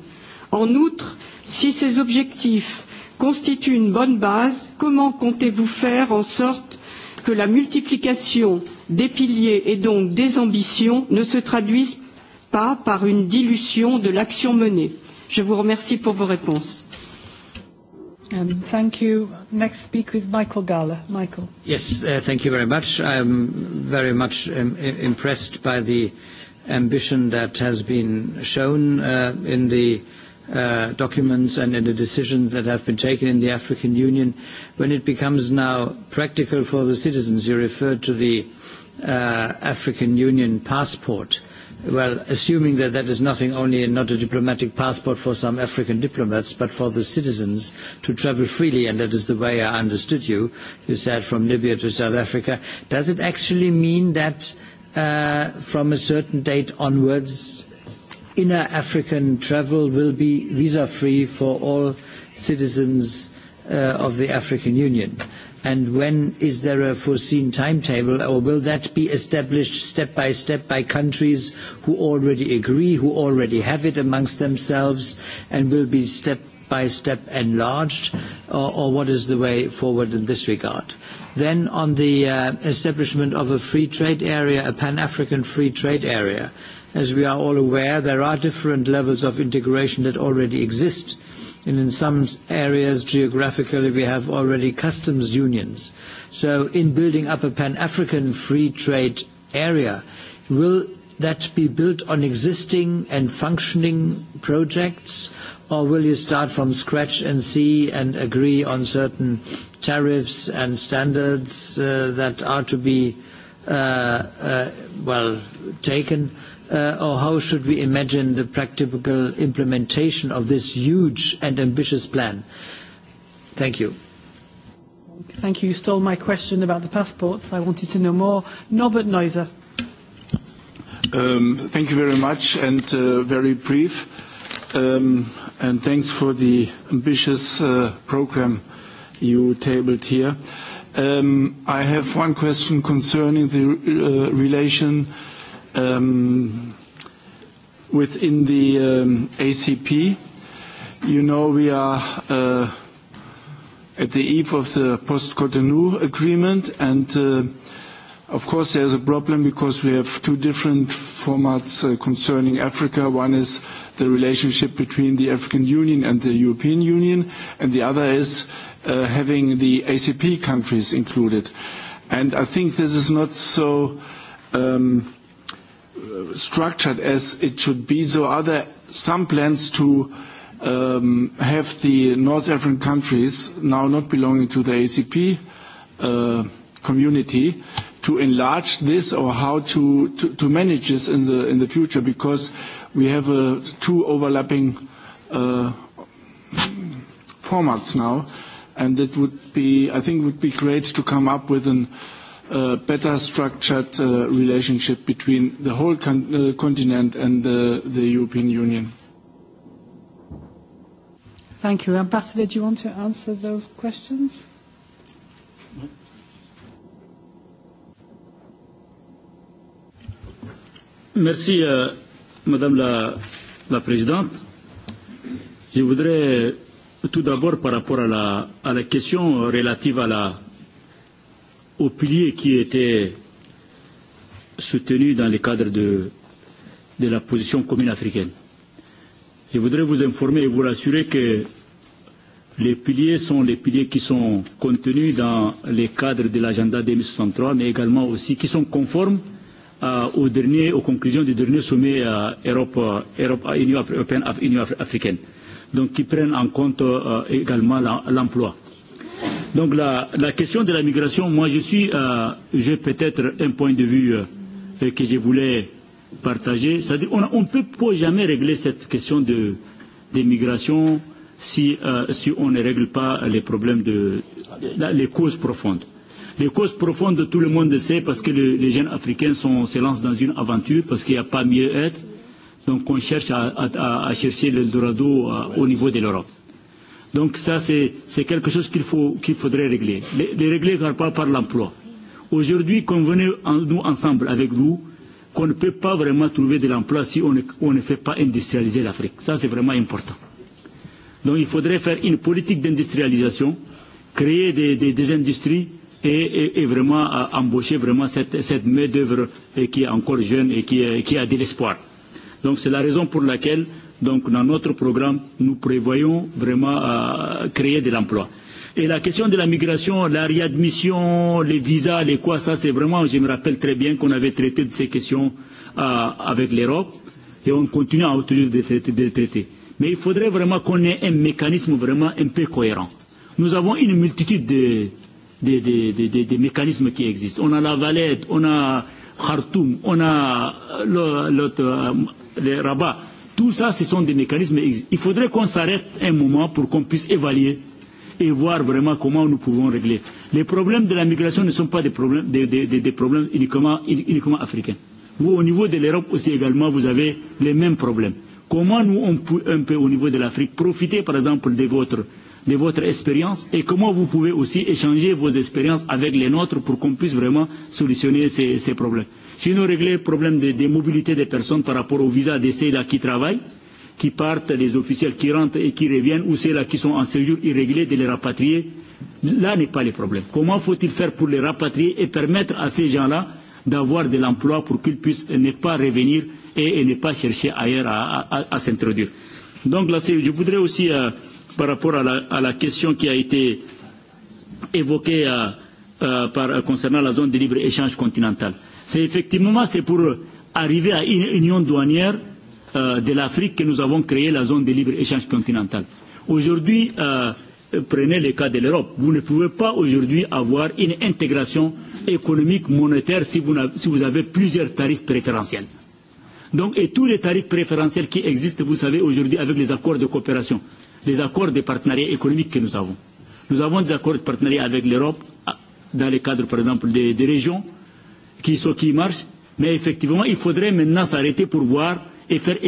En outre, si ces objectifs constituent une bonne base, comment comptez vous faire en sorte que la multiplication des piliers et donc des ambitions ne se traduisent pas par une dilution de l'action menée. Je vous remercie pour vos réponses. Um, thank you. Next speaker is Michael Gala. Michael. Yes, uh, thank you very much. I'm very much um, impressed by the ambition that has been shown uh, in the uh, documents and in the decisions that have been taken in the African Union when it becomes now practical for the citizens. You referred to the uh, uh, African Union passport. Well, assuming that that is nothing only and not a diplomatic passport for some African diplomats, but for the citizens to travel freely, and that is the way I understood you. You said from Libya to South Africa. Does it actually mean that uh, from a certain date onwards, inner African travel will be visa-free for all citizens uh, of the African Union? Uh, and when is there a foreseen timetable, or will that be established step by step by countries who already agree, who already have it amongst themselves, and will be step by step enlarged, or, or what is the way forward in this regard? Then on the uh, establishment of a free trade area, a Pan-African free trade area. As we are all aware, there are different levels of integration that already exist uh, and in some areas geographically we have already customs unions. So in building up a Pan-African free trade area, will that be built on existing and functioning projects, or will you start from scratch and see and agree on certain tariffs and standards uh, that are to be, uh, uh, well, taken uh, or how should we imagine the practical implementation of this huge and ambitious plan? Thank you. Thank you. You stole my question about the passports. I wanted to know more. Norbert Neuser. Um, thank you very much and uh, very brief. Um, and thanks for the ambitious uh, program you tabled here. Um, I have one question concerning the uh, relation um, within the um, ACP. You know, we are uh, at the eve of the post-Cotonou agreement, and uh, of course, there's a problem because we have two different formats uh, concerning Africa. One is the relationship between the African Union and the European Union, and the other is uh, having the ACP countries included. And I think this is not so um, structured as it should be. So are there some plans to um, have the North African countries, now not belonging to the ACP uh, community, to enlarge this or how to, to, to manage this in the, in the future? Because we have uh, two overlapping uh, formats now, and it would be, I think, would be great to come up with an uh, better structured uh, relationship between the whole con uh, continent and uh, the European Union. Thank you. Ambassador, do you want to answer those questions? Merci, euh, Madame la, la Présidente. Je voudrais tout d'abord, par rapport à la, à la question relative à la, aux piliers qui étaient soutenus dans le cadre de, de la position commune africaine. Je voudrais vous informer et vous rassurer que les piliers sont les piliers qui sont contenus dans les cadres de l'agenda 2063, mais également aussi qui sont conformes euh, au dernier, aux conclusions du dernier sommet euh, Europe, euh, Europe, Union européenne, Union africaine. Donc qui prennent en compte euh, également l'emploi. Donc la, la question de la migration, moi je suis, euh, j'ai peut-être un point de vue euh, que je voulais partager. C'est-à-dire on ne peut pas jamais régler cette question de, de migration si, euh, si on ne règle pas les problèmes de, de les causes profondes. Les causes profondes, tout le monde le sait parce que le, les jeunes africains sont, se lancent dans une aventure parce qu'il n'y a pas mieux être. Donc on cherche à, à, à chercher l'Eldorado euh, au niveau de l'Europe. Donc ça, c'est quelque chose qu'il qu'il faudrait régler. Les, les régler par, par, par l'emploi. Aujourd'hui, convenez en, nous ensemble avec vous qu'on ne peut pas vraiment trouver de l'emploi si on ne, on ne fait pas industrialiser l'Afrique. Ça, c'est vraiment important. Donc il faudrait faire une politique d'industrialisation, créer des, des, des industries et, et, et vraiment euh, embaucher vraiment cette, cette main-d'œuvre euh, qui est encore jeune et qui, euh, qui a de l'espoir. Donc c'est la raison pour laquelle euh, Donc, dans notre programme, nous prévoyons vraiment euh, créer de l'emploi. Et la question de la migration, la réadmission, les visas, les quoi, ça c'est vraiment, je me rappelle très bien qu'on avait traité de ces questions euh, avec l'Europe et on continue à toujours de traiter, de traiter. Mais il faudrait vraiment qu'on ait un mécanisme vraiment un peu cohérent. Nous avons une multitude de, de, de, de, de, de mécanismes qui existent. On a la Valette, on a Khartoum, on a euh, l'autre, le, euh, le Rabat. Tout ça, ce sont des mécanismes. Il faudrait qu'on s'arrête un moment pour qu'on puisse évaluer et voir vraiment comment nous pouvons régler. Les problèmes de la migration ne sont pas des problèmes, des, des, des, des problèmes uniquement, uniquement africains. Vous, au niveau de l'Europe aussi également, vous avez les mêmes problèmes. Comment nous, on peut, un peu au niveau de l'Afrique, profiter par exemple de votre, de votre expérience et comment vous pouvez aussi échanger vos expériences avec les nôtres pour qu'on puisse vraiment solutionner ces, ces problèmes. Sinon, régler le problème des, des mobilités des personnes par rapport au visa de ceux-là qui travaillent, qui partent, les officiels qui rentrent et qui reviennent, ou ceux-là qui sont en séjour irrégulier, de les rapatrier. Là n'est pas le problème. Comment faut-il faire pour les rapatrier et permettre à ces gens-là d'avoir de l'emploi pour qu'ils puissent ne pas revenir et, et ne pas chercher ailleurs à, à, à, à s'introduire Donc là, je voudrais aussi, euh, par rapport à la, à la question qui a été évoquée euh, euh, par, concernant la zone de libre-échange continentale, euh, C'est effectivement c'est pour arriver à une union douanière euh, de l'Afrique que nous avons créé la zone de libre-échange continentale. Aujourd'hui, euh, prenez le cas de l'Europe. Vous ne pouvez pas aujourd'hui avoir une intégration économique monétaire si vous, si vous avez plusieurs tarifs préférentiels. Donc, et tous les tarifs préférentiels qui existent, vous savez, aujourd'hui avec les accords de coopération, les accords de partenariat économique que nous avons. Nous avons des accords de partenariat avec l'Europe ah, dans le cadre, par exemple, des, des régions, qui, ce qui marche, mais effectivement, il faudrait maintenant s'arrêter pour voir et faire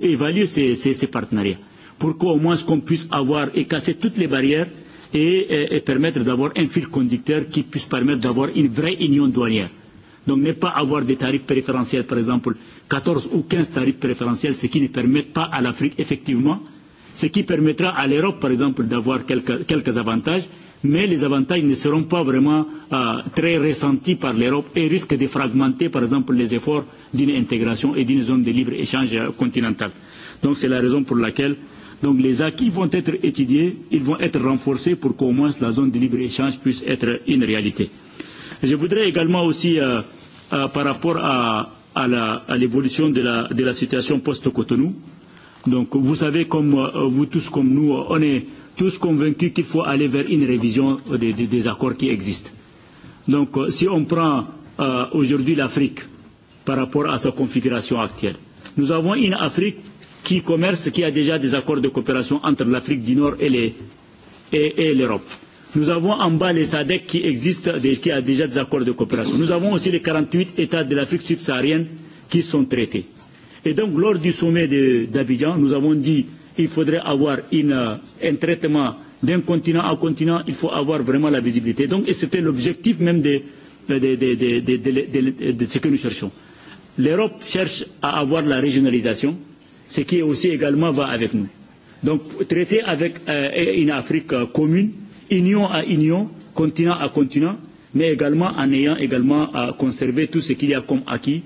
évaluer ces, ces, ces partenariats, pour qu'au moins qu'on puisse avoir et casser toutes les barrières et, et, et permettre d'avoir un fil conducteur qui puisse permettre d'avoir une vraie union douanière. Donc ne pas avoir des tarifs préférentiels, par exemple, 14 ou 15 tarifs préférentiels, ce qui ne permet pas à l'Afrique, effectivement, ce qui permettra à l'Europe, par exemple, d'avoir quelques, quelques avantages, mais les avantages ne seront pas vraiment euh, très ressentis par l'Europe et risquent de fragmenter, par exemple, les efforts d'une intégration et d'une zone de libre-échange euh, continentale. Donc c'est la raison pour laquelle donc, les acquis vont être étudiés, ils vont être renforcés pour qu'au moins la zone de libre-échange puisse être une réalité. Je voudrais également aussi, euh, euh, par rapport à, à l'évolution à de, la, de la situation post-Cotonou, donc vous savez, comme euh, vous tous, comme nous, on est tous convaincus qu'il faut aller vers une révision des, des, des accords qui existent. Donc euh, si on prend euh, aujourd'hui l'Afrique par rapport à sa configuration actuelle, nous avons une Afrique qui commerce, qui a déjà des accords de coopération entre l'Afrique du Nord et les, et, et l'Europe. Nous avons en bas les SADC qui existent, qui a déjà des accords de coopération. Nous avons aussi les 48 États de l'Afrique subsaharienne qui sont traités. Et donc, lors du sommet d'Abidjan, nous avons dit il faudrait avoir une, euh, un traitement d'un continent à continent, il faut avoir vraiment la visibilité. Donc, et c'était l'objectif même de, euh, de, de, de, de, de, de, de ce que nous cherchons. L'Europe cherche à avoir la régionalisation, ce qui aussi également va avec nous. Donc, traiter avec euh, une Afrique euh, commune, union à union, continent à continent, mais également en ayant également à conserver tout ce qu'il y a comme acquis,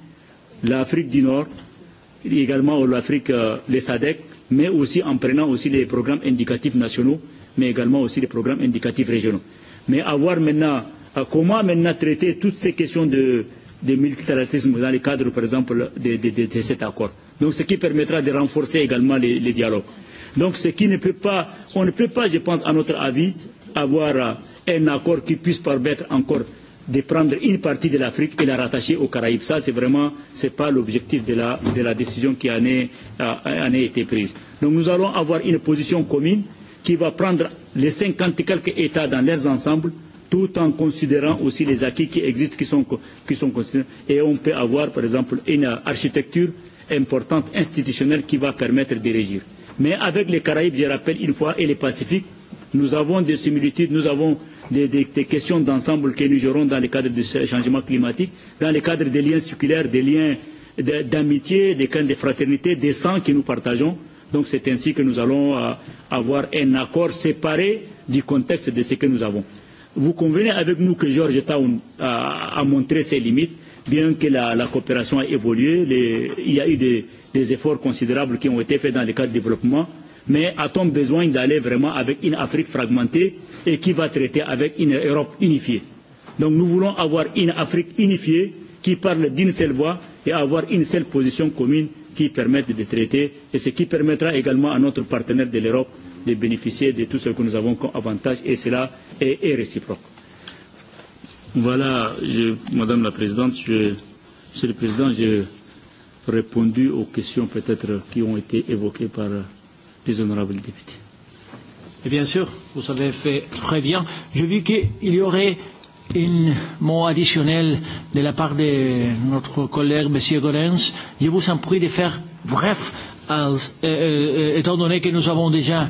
l'Afrique du Nord, également l'Afrique, euh, les SADEC, mais aussi en prenant aussi les programmes indicatifs nationaux, mais également aussi les programmes indicatifs régionaux. Mais avoir maintenant, comment maintenant traiter toutes ces questions de, de multilatéralisme dans le cadre, par exemple, de, de, de, de cet accord. Donc ce qui permettra de renforcer également les, les dialogues. Donc ce qui ne peut pas, on ne peut pas, je pense, à notre avis, avoir un accord qui puisse permettre encore de prendre une partie de l'Afrique et la rattacher aux Caraïbes. Ça, c'est vraiment, c'est pas l'objectif de la, de la décision qui en, est, a, en a été prise. Donc nous allons avoir une position commune qui va prendre les 50 et quelques États dans leurs ensembles, tout en considérant aussi les acquis qui existent, qui sont, qui sont considérés. Et on peut avoir, par exemple, une architecture importante institutionnelle qui va permettre de régir. Mais avec les Caraïbes, je rappelle une fois, et les Pacifiques, Nous avons des similitudes, nous avons des, des, des questions d'ensemble que nous gérons dans le cadre du changement climatique, dans le cadre des liens circulaires, des liens d'amitié, des liens de fraternité, des sangs que nous partageons. Donc c'est ainsi que nous allons euh, avoir un accord séparé du contexte de ce que nous avons. Vous convenez avec nous que Georgetown a, a montré ses limites, bien que la, la coopération a évolué, les, il y a eu des, des efforts considérables qui ont été faits dans le cadre du développement. Euh, mais a-t-on besoin d'aller vraiment avec une Afrique fragmentée et qui va traiter avec une Europe unifiée Donc nous voulons avoir une Afrique unifiée qui parle d'une seule voix et avoir une seule position commune qui permette de traiter et ce qui permettra également à notre partenaire de l'Europe de bénéficier de tout ce que nous avons comme avantage et cela est, est réciproque. Voilà, je, Madame la Présidente, je, Monsieur le Président, j'ai répondu aux questions peut-être qui ont été évoquées par les honorables députés. Et bien sûr, vous avez fait très bien. J'ai vu qu'il y aurait un mot additionnel de la part de notre collègue M. Gorens. Je vous en prie de faire bref, als, euh, euh, euh, étant donné que nous avons déjà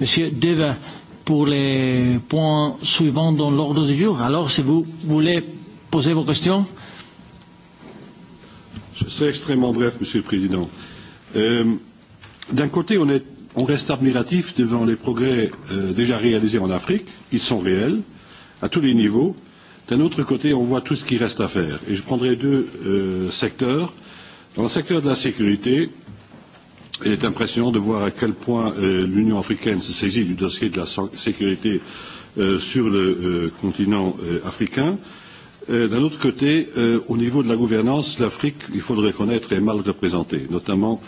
M. Deva pour les points suivants dans l'ordre du jour. Alors, si vous voulez poser vos questions. Je serai extrêmement bref, Monsieur le Président. Euh, D'un côté, on est on reste admiratif devant les progrès euh, déjà réalisés en Afrique. Ils sont réels, à tous les niveaux. D'un autre côté, on voit tout ce qui reste à faire. Et je prendrai deux euh, secteurs. Dans le secteur de la sécurité, il est impressionnant de voir à quel point euh, l'Union africaine se saisit du dossier de la so sécurité euh, sur le euh, continent euh, africain. Euh, D'un autre côté, euh, au niveau de la gouvernance, l'Afrique, il faut le reconnaître, est mal représentée, notamment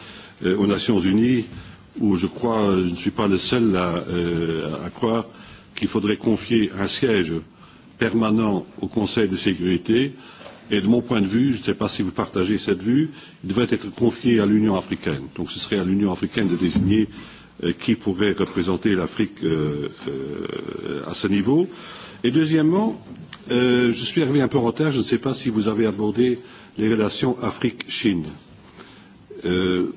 euh, aux Nations Unies, euh, où je crois, je ne suis pas le seul à, euh, à croire qu'il faudrait confier un siège permanent au Conseil de sécurité. Et de mon point de vue, je ne sais pas si vous partagez cette vue, il devrait être confié à l'Union africaine. Donc ce serait à l'Union africaine de désigner euh, qui pourrait représenter l'Afrique euh, euh, à ce niveau. Et deuxièmement, euh, je suis arrivé un peu en retard, je ne sais pas si vous avez abordé les relations Afrique-Chine. Euh,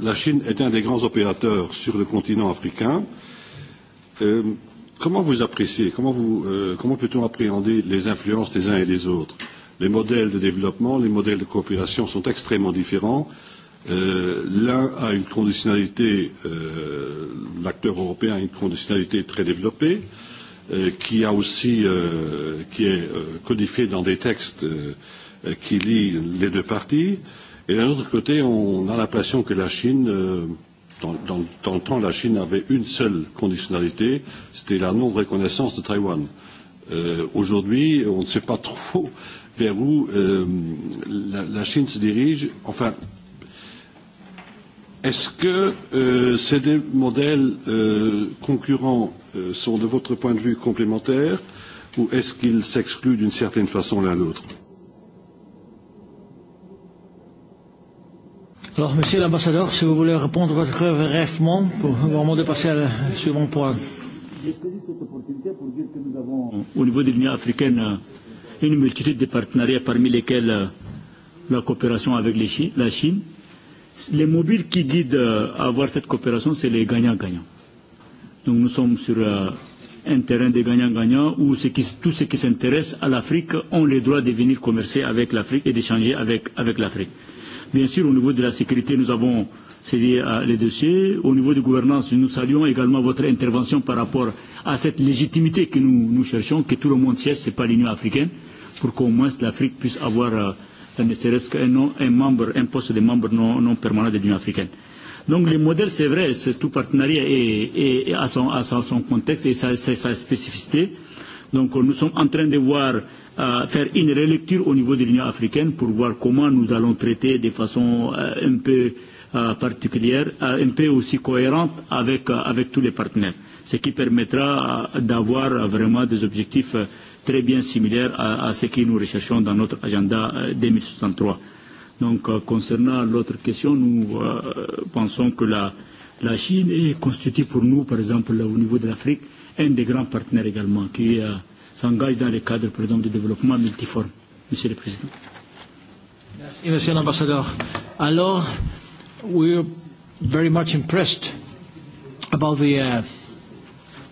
la Chine est un des grands opérateurs sur le continent africain. Euh, comment vous appréciez, comment, vous, euh, comment peut-on appréhender les influences des uns et des autres Les modèles de développement, les modèles de coopération sont extrêmement différents. Euh, L'un a une conditionnalité, euh, l'acteur européen a une conditionnalité très développée, euh, qui a aussi, euh, qui est euh, codifiée dans des textes euh, qui lient les deux parties. Euh, Et d'un autre côté, on a l'impression que la Chine, euh, dans, dans, dans le temps, la Chine avait une seule conditionnalité, c'était la non-reconnaissance de Taïwan. Euh, Aujourd'hui, on ne sait pas trop vers où euh, la, la Chine se dirige. Enfin, est-ce que euh, ces deux modèles euh, concurrents euh, sont, de votre point de vue, complémentaires ou est-ce qu'ils s'excluent d'une certaine façon l'un l'autre euh, Alors, monsieur l'ambassadeur, si vous voulez répondre votre brièvement, pour vraiment dépasser le suivant point. J'ai saisi cette opportunité pour dire que nous avons, au niveau de l'Union africaine, une multitude de partenariats parmi lesquels euh, la coopération avec les Chine, la Chine. Les mobiles qui guident euh, à avoir cette coopération, c'est les gagnants-gagnants. Donc nous sommes sur euh, un terrain de gagnants-gagnants où ce qui, tous ceux qui s'intéressent à l'Afrique ont le droit de venir commercer avec l'Afrique et d'échanger avec, avec l'Afrique. Bien sûr, au niveau de la sécurité, nous avons saisi euh, les dossiers. Au niveau de gouvernance, nous saluons également votre intervention par rapport à cette légitimité que nous, nous cherchons, que tout le monde cherche, ce n'est pas l'Union africaine, pour qu'au moins l'Afrique puisse avoir, euh, ne serait-ce qu'un un membre, un poste de membre non, non permanent de l'Union africaine. Donc le modèle, c'est vrai, c'est tout partenariat et, et, à, son, à son contexte et sa, sa, sa spécificité. Donc nous sommes en train de voir à faire une relecture au niveau de l'Union africaine pour voir comment nous allons traiter de façon euh, un peu euh, particulière, euh, un peu aussi cohérente avec, euh, avec tous les partenaires, ce qui permettra euh, d'avoir euh, vraiment des objectifs euh, très bien similaires à, à ce que nous recherchons dans notre agenda euh, 2063. Donc, euh, concernant l'autre question, nous euh, pensons que la, la Chine est constituée pour nous, par exemple, là, au niveau de l'Afrique, un des grands partenaires également, qui euh, s'engage dans le cadre, par exemple, du développement multiforme. Monsieur le Président. Merci, Monsieur l'Ambassadeur. Alors, we're very much impressed about the, uh,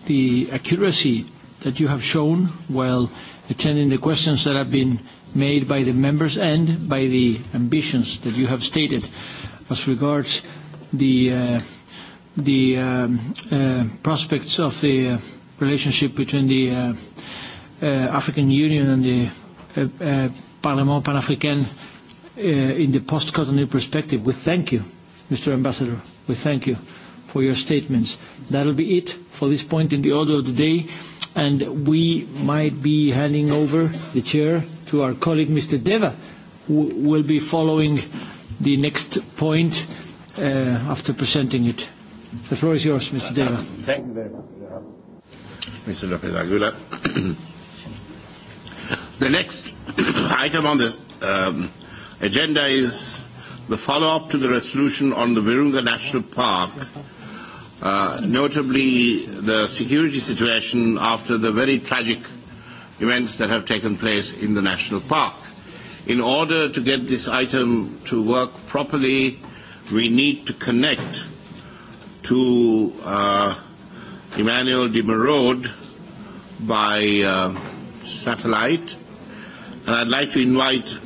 the accuracy that you have shown while attending the questions that have been made by the members and by the ambitions that you have stated as regards the, uh, the um, uh, prospects of the uh, relationship between the uh, uh, African Union and the uh, uh, Parlement Pan-Africain uh, in the post-Cotonou perspective. We thank you, Mr. Ambassador. We thank you for your statements. That'll be it for this point in the order of the day, and we might be handing over the chair to our colleague, Mr. Deva, who will be following the next point uh, after presenting it. The floor is yours, Mr. Deva. Thank you very much. Mr. Lopez Aguilar. [clears throat] The next [coughs] item on the um, agenda is the follow-up to the resolution on the Virunga National Park, uh, notably the security situation after the very tragic events that have taken place in the national park. In order to get this item to work properly, we need to connect to uh, Emmanuel de Merode by uh, satellite And I'd like to invite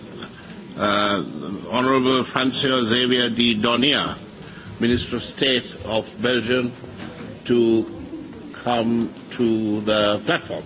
uh, Honorable Francois Xavier de Donia, Minister of State of Belgium, to come to the platform.